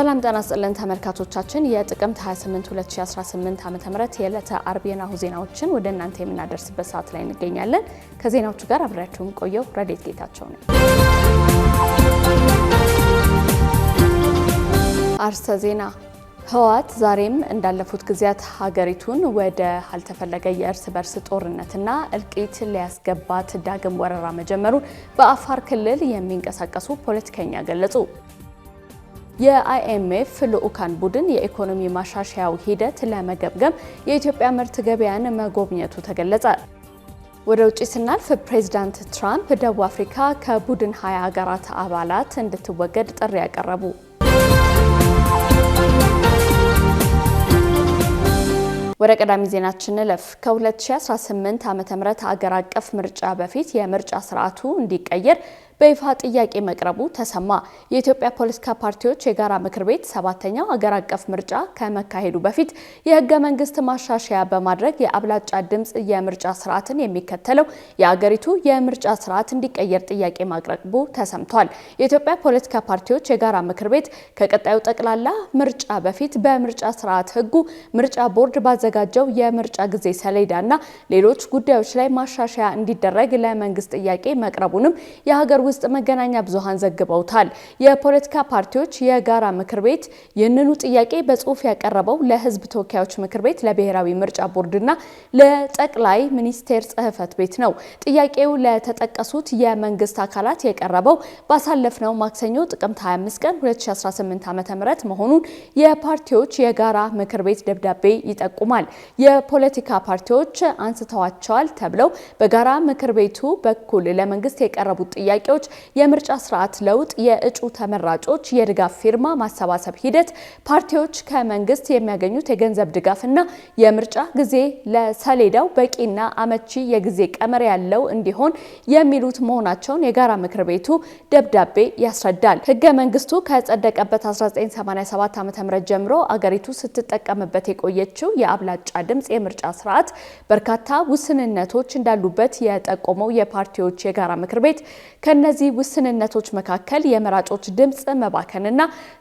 ሰላም ጤና ይስጥልን ተመልካቾቻችን፣ የጥቅምት 28 2018 ዓ ም የዕለተ አርብ የናሁ ዜናዎችን ወደ እናንተ የምናደርስበት ሰዓት ላይ እንገኛለን። ከዜናዎቹ ጋር አብሬያችሁን ቆየው ረዴት ጌታቸው ነው። አርስተ ዜና ህወሓት ዛሬም እንዳለፉት ጊዜያት ሀገሪቱን ወደ አልተፈለገ የእርስ በርስ ጦርነትና እልቂት ሊያስገባት ዳግም ወረራ መጀመሩን በአፋር ክልል የሚንቀሳቀሱ ፖለቲከኛ ገለጹ። የአይኤምኤፍ ልዑካን ቡድን የኢኮኖሚ ማሻሻያው ሂደት ለመገምገም የኢትዮጵያ ምርት ገበያን መጎብኘቱ ተገለጸ። ወደ ውጭ ስናልፍ ፕሬዚዳንት ትራምፕ ደቡብ አፍሪካ ከቡድን ሀያ ሀገራት አባላት እንድትወገድ ጥሪ ያቀረቡ። ወደ ቀዳሚ ዜናችን እንለፍ። ከ2018 ም አገር አቀፍ ምርጫ በፊት የምርጫ ስርዓቱ እንዲቀየር በይፋ ጥያቄ መቅረቡ ተሰማ። የኢትዮጵያ ፖለቲካ ፓርቲዎች የጋራ ምክር ቤት ሰባተኛው አገር አቀፍ ምርጫ ከመካሄዱ በፊት የህገ መንግስት ማሻሻያ በማድረግ የአብላጫ ድምፅ የምርጫ ስርዓትን የሚከተለው የአገሪቱ የምርጫ ስርዓት እንዲቀየር ጥያቄ ማቅረቡ ተሰምቷል። የኢትዮጵያ ፖለቲካ ፓርቲዎች የጋራ ምክር ቤት ከቀጣዩ ጠቅላላ ምርጫ በፊት በምርጫ ስርዓት ህጉ ምርጫ ቦርድ ባዘጋጀው የምርጫ ጊዜ ሰሌዳና ሌሎች ጉዳዮች ላይ ማሻሻያ እንዲደረግ ለመንግስት ጥያቄ መቅረቡንም የሀገር ውስጥ መገናኛ ብዙሃን ዘግበውታል። የፖለቲካ ፓርቲዎች የጋራ ምክር ቤት ይህንኑ ጥያቄ በጽሁፍ ያቀረበው ለህዝብ ተወካዮች ምክር ቤት፣ ለብሔራዊ ምርጫ ቦርድና ለጠቅላይ ሚኒስቴር ጽህፈት ቤት ነው። ጥያቄው ለተጠቀሱት የመንግስት አካላት የቀረበው ባሳለፍነው ማክሰኞ ጥቅምት 25 ቀን 2018 ዓ.ም መሆኑን የፓርቲዎች የጋራ ምክር ቤት ደብዳቤ ይጠቁማል። የፖለቲካ ፓርቲዎች አንስተዋቸዋል ተብለው በጋራ ምክር ቤቱ በኩል ለመንግስት የቀረቡት ጥያቄዎች ፓርቲዎች የምርጫ ስርዓት ለውጥ፣ የእጩ ተመራጮች የድጋፍ ፊርማ ማሰባሰብ ሂደት፣ ፓርቲዎች ከመንግስት የሚያገኙት የገንዘብ ድጋፍ እና የምርጫ ጊዜ ለሰሌዳው በቂና አመቺ የጊዜ ቀመር ያለው እንዲሆን የሚሉት መሆናቸውን የጋራ ምክር ቤቱ ደብዳቤ ያስረዳል። ህገ መንግስቱ ከጸደቀበት 1987 ዓ ም ጀምሮ አገሪቱ ስትጠቀምበት የቆየችው የአብላጫ ድምፅ የምርጫ ስርዓት በርካታ ውስንነቶች እንዳሉበት የጠቆመው የፓርቲዎች የጋራ ምክር ቤት ከነ ከነዚህ ውስንነቶች መካከል የመራጮች ድምፅ መባከንና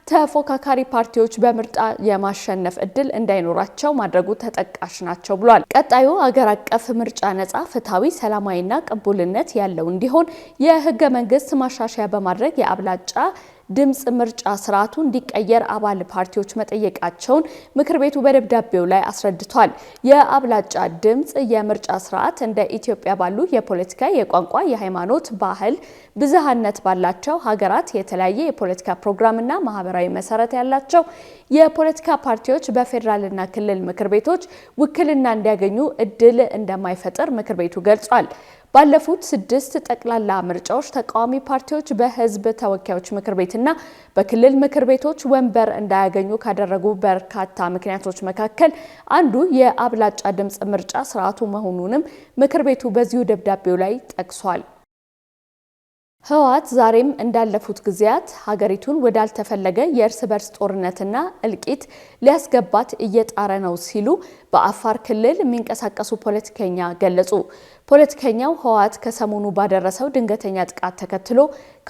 ተፎካካሪ ፓርቲዎች በምርጫ የማሸነፍ እድል እንዳይኖራቸው ማድረጉ ተጠቃሽ ናቸው ብሏል። ቀጣዩ አገር አቀፍ ምርጫ ነጻ፣ ፍትሐዊ፣ ሰላማዊና ቅቡልነት ያለው እንዲሆን የህገ መንግስት ማሻሻያ በማድረግ የአብላጫ ድምፅ ምርጫ ስርዓቱ እንዲቀየር አባል ፓርቲዎች መጠየቃቸውን ምክር ቤቱ በደብዳቤው ላይ አስረድቷል። የአብላጫ ድምፅ የምርጫ ስርዓት እንደ ኢትዮጵያ ባሉ የፖለቲካ፣ የቋንቋ፣ የሃይማኖት፣ ባህል ብዝሃነት ባላቸው ሀገራት የተለያየ የፖለቲካ ፕሮግራምና ማህበራዊ መሰረት ያላቸው የፖለቲካ ፓርቲዎች በፌዴራልና ክልል ምክር ቤቶች ውክልና እንዲያገኙ እድል እንደማይፈጥር ምክር ቤቱ ገልጿል። ባለፉት ስድስት ጠቅላላ ምርጫዎች ተቃዋሚ ፓርቲዎች በህዝብ ተወካዮች ምክር ቤትና በክልል ምክር ቤቶች ወንበር እንዳያገኙ ካደረጉ በርካታ ምክንያቶች መካከል አንዱ የአብላጫ ድምፅ ምርጫ ስርዓቱ መሆኑንም ምክር ቤቱ በዚሁ ደብዳቤው ላይ ጠቅሷል። ህወሓት ዛሬም እንዳለፉት ጊዜያት ሀገሪቱን ወዳልተፈለገ የእርስ በርስ ጦርነትና እልቂት ሊያስገባት እየጣረ ነው ሲሉ በአፋር ክልል የሚንቀሳቀሱ ፖለቲከኛ ገለጹ። ፖለቲከኛው ህወሓት ከሰሞኑ ባደረሰው ድንገተኛ ጥቃት ተከትሎ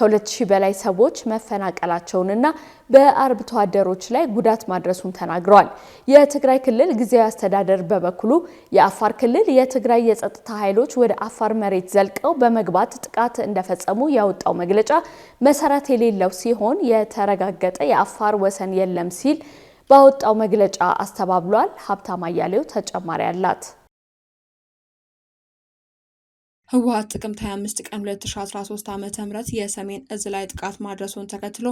ከ ከ200 በላይ ሰዎች መፈናቀላቸውንና በአርብቶ አደሮች ላይ ጉዳት ማድረሱን ተናግረዋል። የትግራይ ክልል ጊዜያዊ አስተዳደር በበኩሉ የአፋር ክልል የትግራይ የጸጥታ ኃይሎች ወደ አፋር መሬት ዘልቀው በመግባት ጥቃት እንደፈጸሙ ያወጣው መግለጫ መሰረት የሌለው ሲሆን የተረጋገጠ የአፋር ወሰን የለም ሲል ባወጣው መግለጫ አስተባብሏል። ሀብታም አያሌው ተጨማሪ አላት። ህወሀት ጥቅምት 25 ቀን 2013 ዓ ም የሰሜን እዝ ላይ ጥቃት ማድረሱን ተከትሎ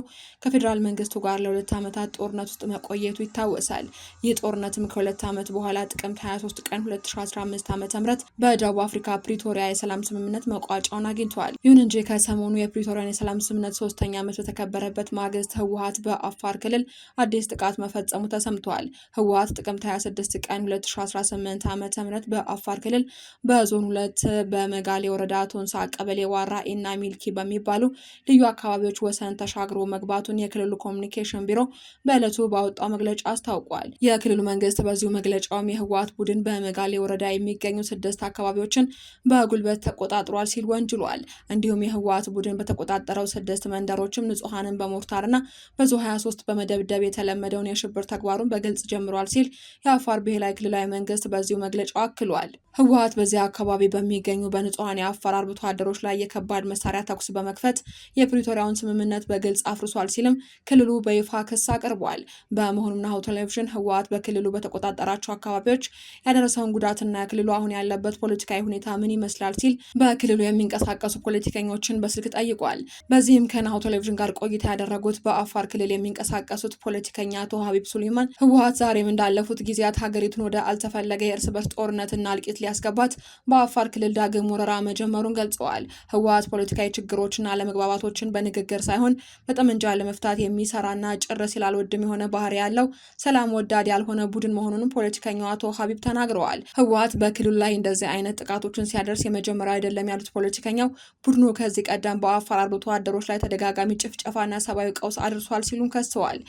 ከፌዴራል መንግስቱ ጋር ለሁለት ዓመታት ጦርነት ውስጥ መቆየቱ ይታወሳል። ይህ ጦርነትም ከሁለት ዓመት በኋላ ጥቅምት 23 ቀን 2015 ዓ ም በደቡብ አፍሪካ ፕሪቶሪያ የሰላም ስምምነት መቋጫውን አግኝተዋል። ይሁን እንጂ ከሰሞኑ የፕሪቶሪያን የሰላም ስምምነት ሶስተኛ ዓመት በተከበረበት ማግስት ህወሀት በአፋር ክልል አዲስ ጥቃት መፈጸሙ ተሰምተዋል። ህወሀት ጥቅምት 26 ቀን 2018 ዓ ም በአፋር ክልል በዞን ሁለት በመ በጋሌ ወረዳ ቶንሳ ቀበሌ ዋራ ኢና ሚልኪ በሚባሉ ልዩ አካባቢዎች ወሰን ተሻግሮ መግባቱን የክልሉ ኮሚኒኬሽን ቢሮ በዕለቱ ባወጣው መግለጫ አስታውቋል። የክልሉ መንግስት በዚሁ መግለጫውም የህወሓት ቡድን በመጋሌ ወረዳ የሚገኙ ስድስት አካባቢዎችን በጉልበት ተቆጣጥሯል ሲል ወንጅሏል። እንዲሁም የህወሓት ቡድን በተቆጣጠረው ስድስት መንደሮችም ንጹሐንን በሞርታርና በዙ 23 በመደብደብ የተለመደውን የሽብር ተግባሩን በግልጽ ጀምሯል ሲል የአፋር ብሔራዊ ክልላዊ መንግስት በዚሁ መግለጫው አክሏል። ህወሓት በዚያ አካባቢ በሚገኙ በንጹ በንጹሐን የአፋር አርብቶ አደሮች ላይ የከባድ መሳሪያ ተኩስ በመክፈት የፕሪቶሪያውን ስምምነት በግልጽ አፍርሷል ሲልም ክልሉ በይፋ ክስ አቅርቧል። በመሆኑም ናሁ ቴሌቪዥን ህወሓት በክልሉ በተቆጣጠራቸው አካባቢዎች ያደረሰውን ጉዳትና ክልሉ አሁን ያለበት ፖለቲካዊ ሁኔታ ምን ይመስላል ሲል በክልሉ የሚንቀሳቀሱ ፖለቲከኞችን በስልክ ጠይቋል። በዚህም ከናሁ ቴሌቪዥን ጋር ቆይታ ያደረጉት በአፋር ክልል የሚንቀሳቀሱት ፖለቲከኛ አቶ ሀቢብ ሱሌማን ህወሓት ዛሬም እንዳለፉት ጊዜያት ሀገሪቱን ወደ አልተፈለገ የእርስ በርስ ጦርነትና እልቂት ሊያስገባት በአፋር ክልል ዳግም ወረራ ምርመራ መጀመሩን ገልጸዋል። ህወሓት ፖለቲካዊ ችግሮችና አለመግባባቶችን በንግግር ሳይሆን በጠመንጃ ለመፍታት የሚሰራና ጭር ሲላልወድም የሆነ ባህሪ ያለው ሰላም ወዳድ ያልሆነ ቡድን መሆኑንም ፖለቲከኛው አቶ ሀቢብ ተናግረዋል። ህወሓት በክልሉ ላይ እንደዚህ አይነት ጥቃቶችን ሲያደርስ የመጀመሪያ አይደለም ያሉት ፖለቲከኛው ቡድኑ ከዚህ ቀደም በአፋር አርብቶ አደሮች ላይ ተደጋጋሚ ጭፍጨፋና ሰብአዊ ቀውስ አድርሷል ሲሉም ከሰዋል።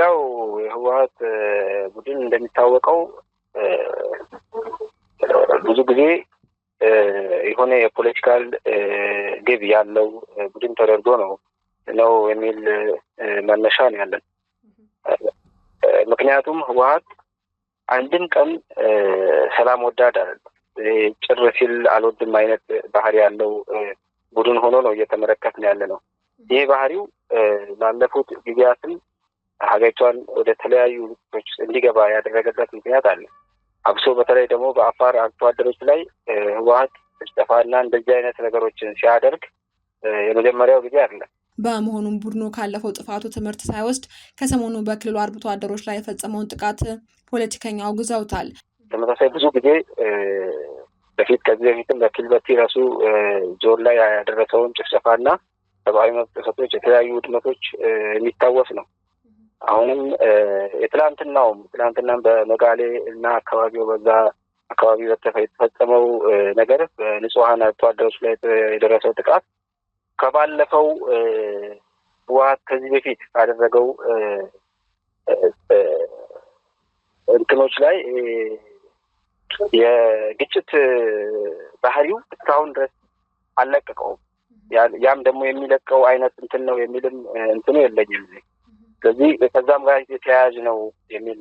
ያው የህወሓት ቡድን እንደሚታወቀው ብዙ ጊዜ የሆነ የፖለቲካል ግብ ያለው ቡድን ተደርጎ ነው ነው የሚል መነሻ ነው ያለን። ምክንያቱም ህወሀት አንድም ቀን ሰላም ወዳድ ጭር ሲል አልወድም አይነት ባህሪ ያለው ቡድን ሆኖ ነው ነው ያለ ነው። ይህ ባህሪው ላለፉት ጊዜያትም ሀገሪቷን ወደ ተለያዩ ውጥቶች እንዲገባ ያደረገበት ምክንያት አለ። አብሶ በተለይ ደግሞ በአፋር አርሶ አደሮች ላይ ህወሀት ጭፍጨፋና እንደዚህ አይነት ነገሮችን ሲያደርግ የመጀመሪያው ጊዜ አይደለም። በመሆኑም ቡድኑ ካለፈው ጥፋቱ ትምህርት ሳይወስድ ከሰሞኑ በክልሉ አርብቶ አደሮች ላይ የፈጸመውን ጥቃት ፖለቲከኛው አውግዘውታል። ተመሳሳይ ብዙ ጊዜ በፊት ከዚህ በፊትም በኪልበቲ ረሱ ዞን ላይ ያደረሰውን ጭፍጨፋና ሰብአዊ መብት ጥሰቶች፣ የተለያዩ ውድመቶች የሚታወስ ነው። አሁንም የትላንትናውም ትላንትናም በመጋሌ እና አካባቢው በዛ አካባቢ የተፈጸመው ነገር በንጹሀን አርሶ አደሮች ላይ የደረሰው ጥቃት ከባለፈው ህወሓት ከዚህ በፊት ካደረገው እንትኖች ላይ የግጭት ባህሪው እስካሁን ድረስ አልለቀቀውም። ያም ደግሞ የሚለቀው አይነት እንትን ነው የሚልም እንትኑ የለኝም። ስለዚህ ከዛም ጋር የተያያዥ ነው የሚል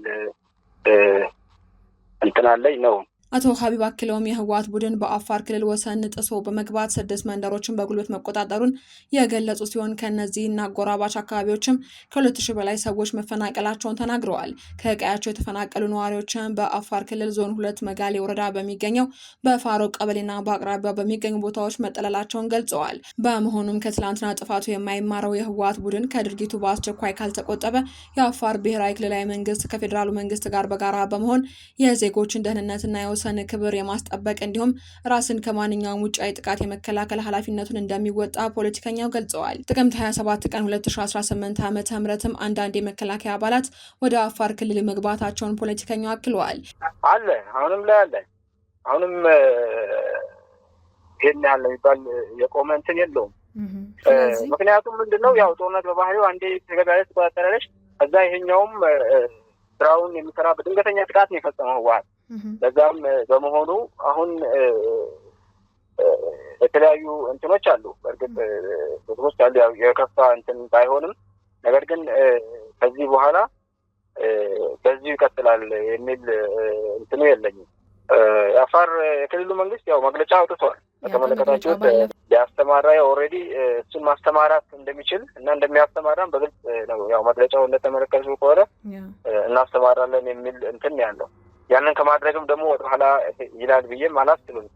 እንትን አለኝ ነው አቶ ሀቢብ አክለውም የህወሓት ቡድን በአፋር ክልል ወሰን ጥሶ በመግባት ስድስት መንደሮችን በጉልበት መቆጣጠሩን የገለጹ ሲሆን ከእነዚህና አጎራባች አካባቢዎችም ከሁለት ሺህ በላይ ሰዎች መፈናቀላቸውን ተናግረዋል። ከቀያቸው የተፈናቀሉ ነዋሪዎችን በአፋር ክልል ዞን ሁለት መጋሌ ወረዳ በሚገኘው በፋሮ ቀበሌና በአቅራቢያው በሚገኙ ቦታዎች መጠለላቸውን ገልጸዋል። በመሆኑም ከትላንትና ጥፋቱ የማይማረው የህወሓት ቡድን ከድርጊቱ በአስቸኳይ ካልተቆጠበ የአፋር ብሔራዊ ክልላዊ መንግስት ከፌዴራሉ መንግስት ጋር በጋራ በመሆን የዜጎችን ደህንነትና የመወሰን ክብር የማስጠበቅ እንዲሁም ራስን ከማንኛውም ውጫዊ ጥቃት የመከላከል ኃላፊነቱን እንደሚወጣ ፖለቲከኛው ገልጸዋል። ጥቅምት 27 ቀን 2018 ዓ ምትም አንዳንድ የመከላከያ አባላት ወደ አፋር ክልል መግባታቸውን ፖለቲከኛው አክለዋል። አለ አሁንም ላይ አለ አሁንም ይሄን ያለ የሚባል የቆመ እንትን የለውም። ምክንያቱም ምንድን ነው ያው ጦርነት በባህሪው አንዴ ተገዳሪ ትቆጣጠራለች። ከዛ ይሄኛውም ስራውን የሚሰራ በድንገተኛ ጥቃት ነው የፈጸመው ህወሓት ለዛም በመሆኑ አሁን የተለያዩ እንትኖች አሉ። በእርግጥ ውስጥ አሉ የከፋ እንትን ባይሆንም ነገር ግን ከዚህ በኋላ በዚሁ ይቀጥላል የሚል እንትኑ የለኝም። የአፋር የክልሉ መንግስት ያው መግለጫ አውጥቷል። በተመለከታችሁት ሊያስተማራ ኦልሬዲ እሱን ማስተማራት እንደሚችል እና እንደሚያስተማራን በግልጽ ነው። ያው መግለጫው እንደተመለከቱ ከሆነ እናስተማራለን የሚል እንትን ያለው ያንን ከማድረግም ደግሞ ወደኋላ ይላል ብዬም አላስብም።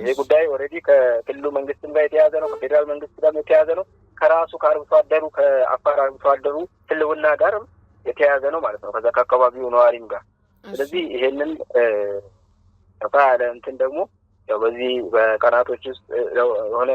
ይሄ ጉዳይ ኦልሬዲ ከክልሉ መንግስትም ጋር የተያዘ ነው፣ ከፌዴራል መንግስት ጋር የተያዘ ነው፣ ከራሱ ከአርብቶ አደሩ ከአፋር አርብቶ አደሩ ህልውና ጋርም የተያዘ ነው ማለት ነው፣ ከዛ ከአካባቢው ነዋሪም ጋር። ስለዚህ ይሄንን ሰፋ ያለ እንትን ደግሞ ያው በዚህ በቀናቶች ውስጥ የሆነ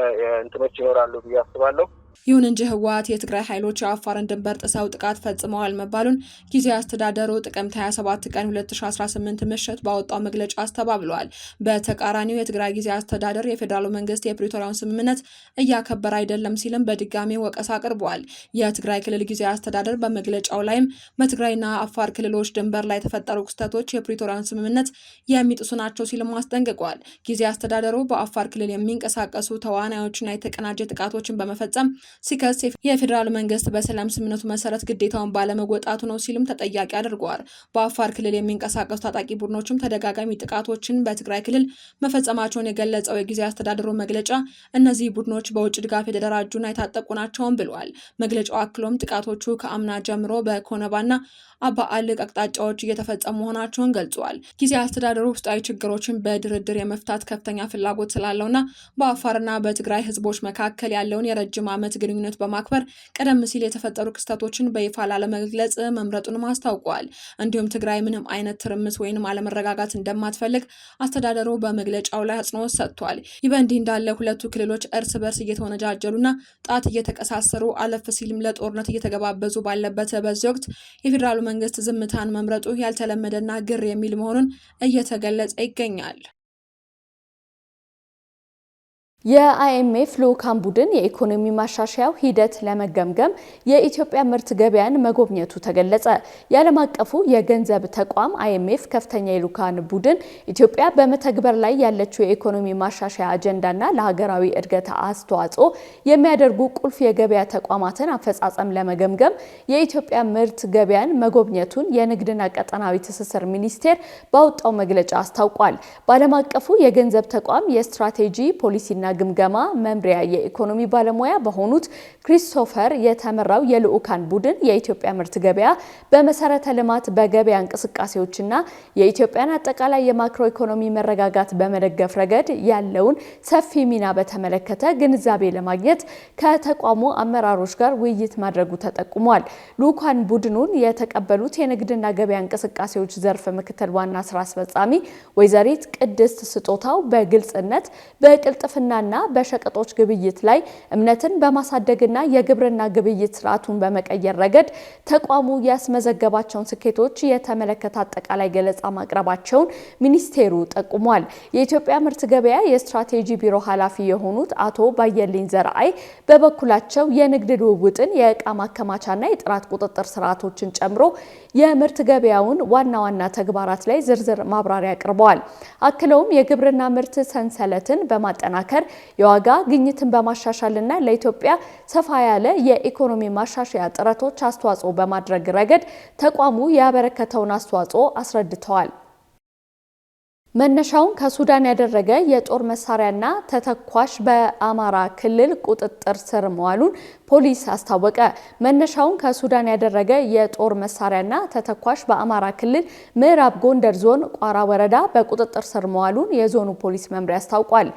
እንትኖች ይኖራሉ ብዬ አስባለሁ። ይሁን እንጂ ህወሓት የትግራይ ኃይሎች የአፋርን ድንበር ጥሰው ጥቃት ፈጽመዋል መባሉን ጊዜያዊ አስተዳደሩ ጥቅምት 27 ቀን 2018 ምሽት ባወጣው መግለጫ አስተባብለዋል። በተቃራኒው የትግራይ ጊዜያዊ አስተዳደር የፌዴራሉ መንግስት የፕሪቶሪያውን ስምምነት እያከበረ አይደለም ሲልም በድጋሚ ወቀሳ አቅርበዋል። የትግራይ ክልል ጊዜያዊ አስተዳደር በመግለጫው ላይም በትግራይና አፋር ክልሎች ድንበር ላይ የተፈጠሩ ክስተቶች የፕሪቶሪያን ስምምነት የሚጥሱ ናቸው ሲልም አስጠንቅቋል። ጊዜያዊ አስተዳደሩ በአፋር ክልል የሚንቀሳቀሱ ተዋናዮችና የተቀናጀ ጥቃቶችን በመፈጸም ሲከስ የፌዴራል መንግስት በሰላም ስምምነቱ መሰረት ግዴታውን ባለመወጣቱ ነው ሲልም ተጠያቂ አድርጓል። በአፋር ክልል የሚንቀሳቀሱ ታጣቂ ቡድኖችም ተደጋጋሚ ጥቃቶችን በትግራይ ክልል መፈጸማቸውን የገለጸው የጊዜ አስተዳደሩ መግለጫ እነዚህ ቡድኖች በውጭ ድጋፍ የተደራጁና የታጠቁ ናቸውም ብሏል። መግለጫው አክሎም ጥቃቶቹ ከአምና ጀምሮ በኮነባና አባአልቅ አቅጣጫዎች እየተፈጸሙ መሆናቸውን ገልጿል። ጊዜ አስተዳደሩ ውስጣዊ ችግሮችን በድርድር የመፍታት ከፍተኛ ፍላጎት ስላለውና በአፋርና በትግራይ ህዝቦች መካከል ያለውን የረጅም ዓመት የግንኙነት ግንኙነት በማክበር ቀደም ሲል የተፈጠሩ ክስተቶችን በይፋ ላለመግለጽ መምረጡንም አስታውቋል። እንዲሁም ትግራይ ምንም አይነት ትርምስ ወይንም አለመረጋጋት እንደማትፈልግ አስተዳደሩ በመግለጫው ላይ አጽንኦት ሰጥቷል። ይህ በእንዲህ እንዳለ ሁለቱ ክልሎች እርስ በርስ እየተወነጃጀሉና ጣት እየተቀሳሰሩ አለፍ ሲልም ለጦርነት እየተገባበዙ ባለበት በዚህ ወቅት የፌዴራሉ መንግስት ዝምታን መምረጡ ያልተለመደና ግር የሚል መሆኑን እየተገለጸ ይገኛል። የአይኤምኤፍ ልዑካን ቡድን የኢኮኖሚ ማሻሻያው ሂደት ለመገምገም የኢትዮጵያ ምርት ገበያን መጎብኘቱ ተገለጸ። የዓለም አቀፉ የገንዘብ ተቋም አይኤምኤፍ ከፍተኛ የልዑካን ቡድን ኢትዮጵያ በመተግበር ላይ ያለችው የኢኮኖሚ ማሻሻያ አጀንዳና ለሀገራዊ እድገት አስተዋጽኦ የሚያደርጉ ቁልፍ የገበያ ተቋማትን አፈጻጸም ለመገምገም የኢትዮጵያ ምርት ገበያን መጎብኘቱን የንግድና ቀጠናዊ ትስስር ሚኒስቴር ባወጣው መግለጫ አስታውቋል። በዓለም አቀፉ የገንዘብ ተቋም የስትራቴጂ ፖሊሲና ግምገማ መምሪያ የኢኮኖሚ ባለሙያ በሆኑት ክሪስቶፈር የተመራው የልዑካን ቡድን የኢትዮጵያ ምርት ገበያ በመሰረተ ልማት በገበያ እንቅስቃሴዎችና የኢትዮጵያን አጠቃላይ የማክሮ ኢኮኖሚ መረጋጋት በመደገፍ ረገድ ያለውን ሰፊ ሚና በተመለከተ ግንዛቤ ለማግኘት ከተቋሙ አመራሮች ጋር ውይይት ማድረጉ ተጠቁሟል። ልዑካን ቡድኑን የተቀበሉት የንግድና ገበያ እንቅስቃሴዎች ዘርፍ ምክትል ዋና ስራ አስፈጻሚ ወይዘሪት ቅድስት ስጦታው በግልጽነት በቅልጥፍና በእቃና በሸቀጦች ግብይት ላይ እምነትን በማሳደግና የግብርና ግብይት ስርዓቱን በመቀየር ረገድ ተቋሙ ያስመዘገባቸውን ስኬቶች የተመለከተ አጠቃላይ ገለጻ ማቅረባቸውን ሚኒስቴሩ ጠቁሟል። የኢትዮጵያ ምርት ገበያ የስትራቴጂ ቢሮ ኃላፊ የሆኑት አቶ ባየልኝ ዘርአይ በበኩላቸው የንግድ ልውውጥን የእቃ ማከማቻና የጥራት ቁጥጥር ስርዓቶችን ጨምሮ የምርት ገበያውን ዋና ዋና ተግባራት ላይ ዝርዝር ማብራሪያ አቅርበዋል። አክለውም የግብርና ምርት ሰንሰለትን በማጠናከር የዋጋ ግኝትን በማሻሻልና ለኢትዮጵያ ሰፋ ያለ የኢኮኖሚ ማሻሻያ ጥረቶች አስተዋጽኦ በማድረግ ረገድ ተቋሙ ያበረከተውን አስተዋጽኦ አስረድተዋል። መነሻውን ከሱዳን ያደረገ የጦር መሳሪያና ተተኳሽ በአማራ ክልል ቁጥጥር ስር መዋሉን ፖሊስ አስታወቀ። መነሻውን ከሱዳን ያደረገ የጦር መሳሪያና ተተኳሽ በአማራ ክልል ምዕራብ ጎንደር ዞን ቋራ ወረዳ በቁጥጥር ስር መዋሉን የዞኑ ፖሊስ መምሪያ አስታውቋል።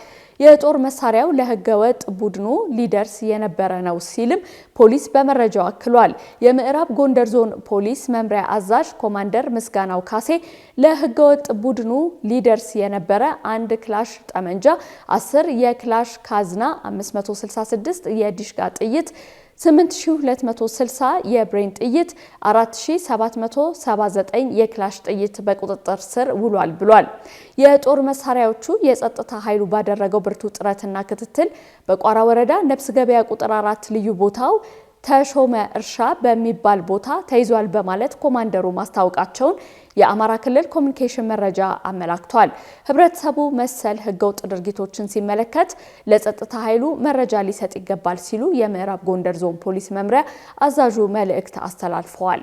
የጦር መሳሪያው ለህገወጥ ቡድኑ ሊደርስ የነበረ ነው ሲልም ፖሊስ በመረጃው አክሏል። የምዕራብ ጎንደር ዞን ፖሊስ መምሪያ አዛዥ ኮማንደር ምስጋናው ካሴ ለህገወጥ ቡድኑ ሊደርስ የነበረ አንድ ክላሽ ጠመንጃ፣ 10 የክላሽ ካዝና፣ 566 የዲሽቃ ጥይት 8260 የብሬን ጥይት፣ 4779 የክላሽ ጥይት በቁጥጥር ስር ውሏል ብሏል። የጦር መሳሪያዎቹ የጸጥታ ኃይሉ ባደረገው ብርቱ ጥረትና ክትትል በቋራ ወረዳ ነፍስ ገበያ ቁጥር አራት ልዩ ቦታው ተሾመ እርሻ በሚባል ቦታ ተይዟል በማለት ኮማንደሩ ማስታወቃቸውን የአማራ ክልል ኮሚኒኬሽን መረጃ አመላክቷል። ህብረተሰቡ መሰል ህገወጥ ድርጊቶችን ሲመለከት ለጸጥታ ኃይሉ መረጃ ሊሰጥ ይገባል ሲሉ የምዕራብ ጎንደር ዞን ፖሊስ መምሪያ አዛዡ መልእክት አስተላልፈዋል።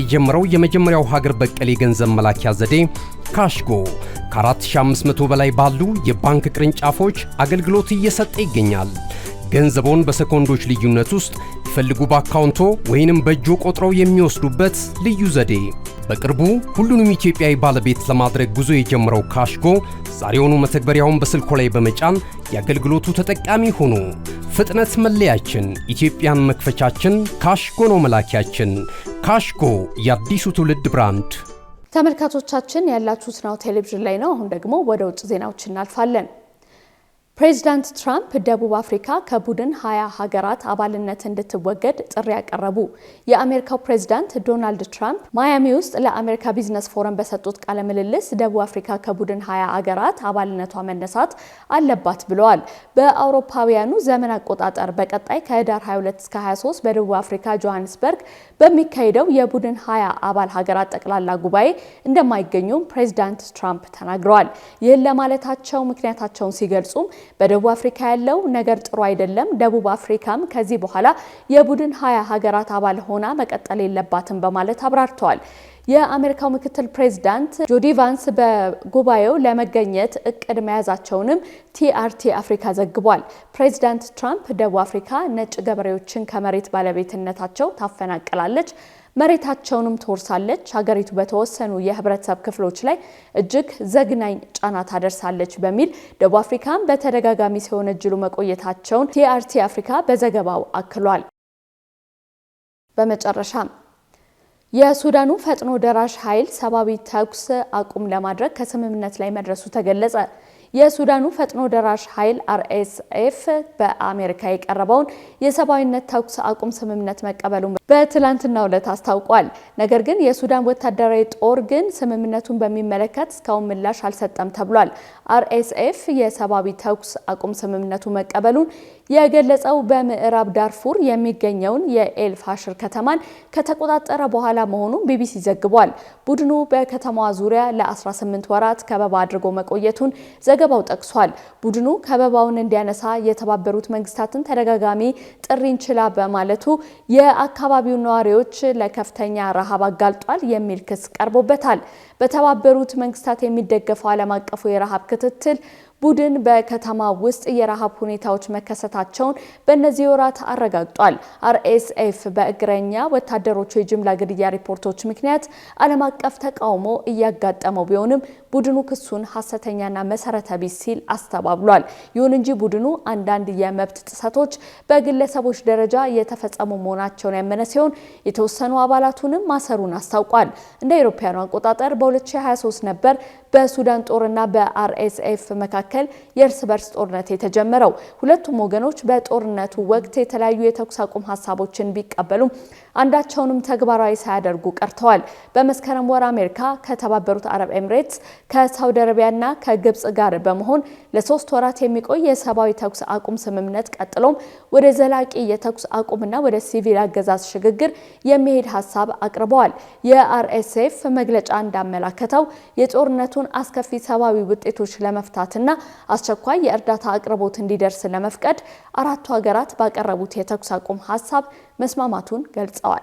የጀመረው የመጀመሪያው ሀገር በቀል የገንዘብ መላኪያ ዘዴ ካሽጎ ከ4500 በላይ ባሉ የባንክ ቅርንጫፎች አገልግሎት እየሰጠ ይገኛል። ገንዘቦን በሰኮንዶች ልዩነት ውስጥ ይፈልጉ በአካውንቶ ወይንም በእጆ ቆጥረው የሚወስዱበት ልዩ ዘዴ በቅርቡ ሁሉንም ኢትዮጵያዊ ባለቤት ለማድረግ ጉዞ የጀመረው ካሽጎ ዛሬውኑ መተግበሪያውን በስልኮ ላይ በመጫን የአገልግሎቱ ተጠቃሚ ሆኑ። ፍጥነት መለያችን፣ ኢትዮጵያን መክፈቻችን፣ ካሽጎ ነው መላኪያችን። ካሽጎ የአዲሱ ትውልድ ብራንድ። ተመልካቾቻችን ያላችሁት ናሁ ቴሌቪዥን ላይ ነው። አሁን ደግሞ ወደ ውጭ ዜናዎች እናልፋለን። ፕሬዚዳንት ትራምፕ ደቡብ አፍሪካ ከቡድን ሀያ ሀገራት አባልነት እንድትወገድ ጥሪ ያቀረቡ። የአሜሪካው ፕሬዚዳንት ዶናልድ ትራምፕ ማያሚ ውስጥ ለአሜሪካ ቢዝነስ ፎረም በሰጡት ቃለ ምልልስ ደቡብ አፍሪካ ከቡድን ሀያ ሀገራት አባልነቷ መነሳት አለባት ብለዋል። በአውሮፓውያኑ ዘመን አቆጣጠር በቀጣይ ከህዳር 22 እስከ 23 በደቡብ አፍሪካ ጆሃንስበርግ በሚካሄደው የቡድን ሀያ አባል ሀገራት ጠቅላላ ጉባኤ እንደማይገኙም ፕሬዚዳንት ትራምፕ ተናግረዋል። ይህን ለማለታቸው ምክንያታቸውን ሲገልጹም በደቡብ አፍሪካ ያለው ነገር ጥሩ አይደለም። ደቡብ አፍሪካም ከዚህ በኋላ የቡድን ሀያ ሀገራት አባል ሆና መቀጠል የለባትም በማለት አብራርተዋል። የአሜሪካው ምክትል ፕሬዚዳንት ጆዲ ቫንስ በጉባኤው ለመገኘት እቅድ መያዛቸውንም ቲአርቲ አፍሪካ ዘግቧል። ፕሬዚዳንት ትራምፕ ደቡብ አፍሪካ ነጭ ገበሬዎችን ከመሬት ባለቤትነታቸው ታፈናቅላለች መሬታቸውንም ትወርሳለች፣ ሀገሪቱ በተወሰኑ የህብረተሰብ ክፍሎች ላይ እጅግ ዘግናኝ ጫና ታደርሳለች በሚል ደቡብ አፍሪካን በተደጋጋሚ ሲወነጅሉ መቆየታቸውን ቲአርቲ አፍሪካ በዘገባው አክሏል። በመጨረሻም የሱዳኑ ፈጥኖ ደራሽ ኃይል ሰብአዊ ተኩስ አቁም ለማድረግ ከስምምነት ላይ መድረሱ ተገለጸ። የሱዳኑ ፈጥኖ ደራሽ ኃይል አርኤስኤፍ በአሜሪካ የቀረበውን የሰብአዊነት ተኩስ አቁም ስምምነት መቀበሉን በትላንትናው ዕለት አስታውቋል። ነገር ግን የሱዳን ወታደራዊ ጦር ግን ስምምነቱን በሚመለከት እስካሁን ምላሽ አልሰጠም ተብሏል። አርኤስኤፍ የሰብአዊ ተኩስ አቁም ስምምነቱ መቀበሉን የገለጸው በምዕራብ ዳርፉር የሚገኘውን የኤል ፋሽር ከተማን ከተቆጣጠረ በኋላ መሆኑን ቢቢሲ ዘግቧል። ቡድኑ በከተማዋ ዙሪያ ለ18 ወራት ከበባ አድርጎ መቆየቱን ዘገባው ጠቅሷል። ቡድኑ ከበባውን እንዲያነሳ የተባበሩት መንግስታትን ተደጋጋሚ ጥሪ እንችላ በማለቱ የአካባቢው ነዋሪዎች ለከፍተኛ ረሃብ አጋልጧል የሚል ክስ ቀርቦበታል። በተባበሩት መንግስታት የሚደገፈው ዓለም አቀፉ የረሃብ ክትትል ቡድን በከተማ ውስጥ የረሃብ ሁኔታዎች መከሰታቸውን በእነዚህ ወራት አረጋግጧል። አርኤስኤፍ በእግረኛ ወታደሮቹ የጅምላ ግድያ ሪፖርቶች ምክንያት ዓለም አቀፍ ተቃውሞ እያጋጠመው ቢሆንም ቡድኑ ክሱን ሐሰተኛና መሰረተ ቢስ ሲል አስተባብሏል። ይሁን እንጂ ቡድኑ አንዳንድ የመብት ጥሰቶች በግለሰቦች ደረጃ የተፈጸሙ መሆናቸውን ያመነ ሲሆን የተወሰኑ አባላቱንም ማሰሩን አስታውቋል። እንደ አውሮፓውያኑ አቆጣጠር በ2023 ነበር በሱዳን ጦርና በአርኤስኤፍ መካከል የእርስ በርስ ጦርነት የተጀመረው። ሁለቱም ወገኖች በጦርነቱ ወቅት የተለያዩ የተኩስ አቁም ሀሳቦችን ቢቀበሉም አንዳቸውንም ተግባራዊ ሳያደርጉ ቀርተዋል። በመስከረም ወር አሜሪካ ከተባበሩት አረብ ኤምሬትስ፣ ከሳውዲ አረቢያና ከግብጽ ጋር በመሆን ለሶስት ወራት የሚቆይ የሰብአዊ ተኩስ አቁም ስምምነት ቀጥሎም ወደ ዘላቂ የተኩስ አቁምና ወደ ሲቪል አገዛዝ ሽግግር የሚሄድ ሀሳብ አቅርበዋል። የአርኤስኤፍ መግለጫ እንዳመላከተው የጦርነቱን አስከፊ ሰብአዊ ውጤቶች ለመፍታትና አስቸኳይ የእርዳታ አቅርቦት እንዲደርስ ለመፍቀድ አራቱ ሀገራት ባቀረቡት የተኩስ አቁም ሀሳብ መስማማቱን ገልጸዋል።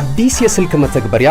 አዲስ የስልክ መተግበሪያ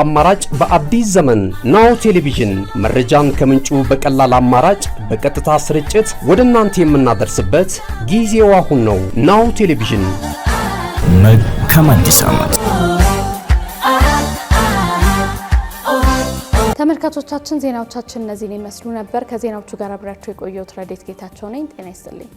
አማራጭ በአዲስ ዘመን ናሁ ቴሌቪዥን መረጃን ከምንጩ በቀላል አማራጭ በቀጥታ ስርጭት ወደ እናንተ የምናደርስበት ጊዜው አሁን ነው። ናሁ ቴሌቪዥን መልካም አዲስ ዓመት። ተመልካቾቻችን ዜናዎቻችን እነዚህን ይመስሉ ነበር። ከዜናዎቹ ጋር አብራችሁ የቆየሁት ረዴት ጌታቸው ነኝ። ጤና ይስጥልኝ።